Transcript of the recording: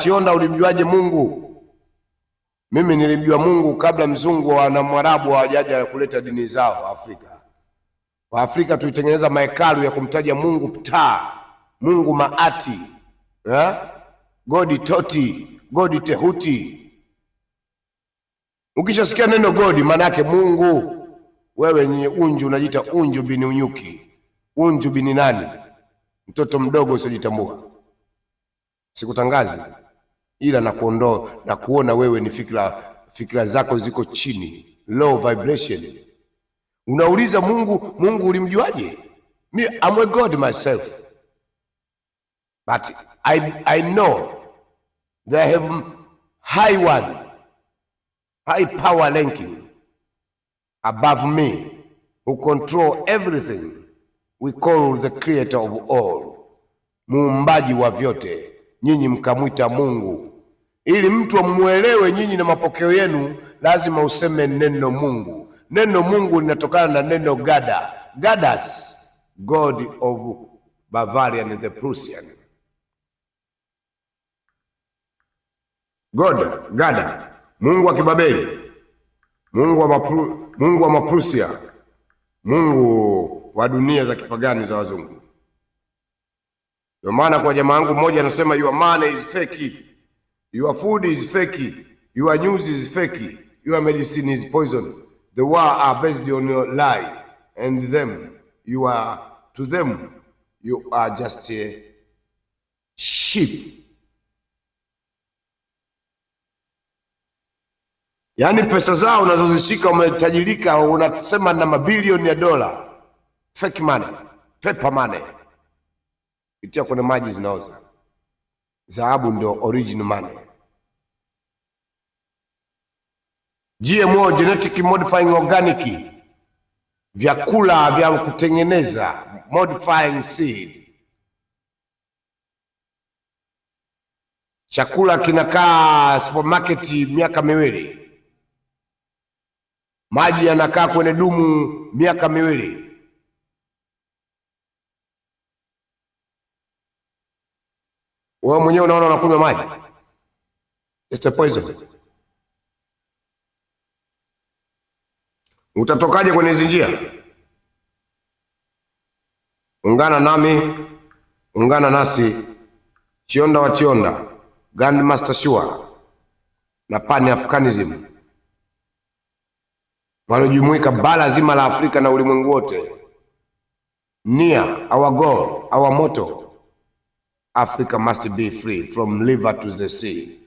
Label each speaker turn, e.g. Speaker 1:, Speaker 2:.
Speaker 1: Chionda, ulimjuaje Mungu? Mimi nilimjua Mungu kabla mzungu na mwarabu hawajaja kuleta dini zao Afrika. Afrika tulitengeneza mahekalu ya kumtaja Mungu Ptah, Mungu Maati, ha? Eh? Godi Toti, Godi Tehuti. Ukishasikia neno godi, maana yake Mungu. Wewe ni unju unajiita unju bini unyuki, unju bini nani, mtoto mdogo usijitambua, Sikutangazi ila na kuondoa na kuona wewe ni fikra, fikra zako ziko chini, low vibration. Unauliza Mungu, Mungu ulimjuaje? Me, I'm a God myself but I, I know that I have high one high power ranking above me who control everything we call the creator of all, muumbaji wa vyote, nyinyi mkamwita Mungu ili mtu amuelewe nyinyi na mapokeo yenu, lazima useme neno Mungu. Neno Mungu linatokana na neno gada, gadas, god of Bavaria and the Prussian god, gada, mungu wa Kibabeli, mungu wa Mapru, mungu wa Maprusia, mungu wa dunia za kipagani za wazungu. Ndio maana kwa jamaa yangu mmoja anasema your money is fake Your food is fake. Your news is fake. Your medicine is poison. The war are based on your lie. And them, you are, to them, you are just a sheep. Yaani pesa zao unazozishika umetajirika, unasema na mabilioni ya dola. Fake money, paper money. Itia kwenye maji zinaoza. Dhahabu ndio original money. GMO, genetic modifying organic, vyakula vya kutengeneza modifying seed. Chakula kinakaa supermarket miaka miwili, maji yanakaa kwenye dumu miaka miwili Wewe mwenyewe unaona unakunywa maji. It's a poison. Utatokaje kwenye hizi njia? Ungana nami, ungana nasi, Chionda wa Chionda, Grandmaster Shua na Pan Africanism waliojumuika bara zima la Afrika na ulimwengu wote. Nia, our goal, our motto Africa must be free from liver to the sea.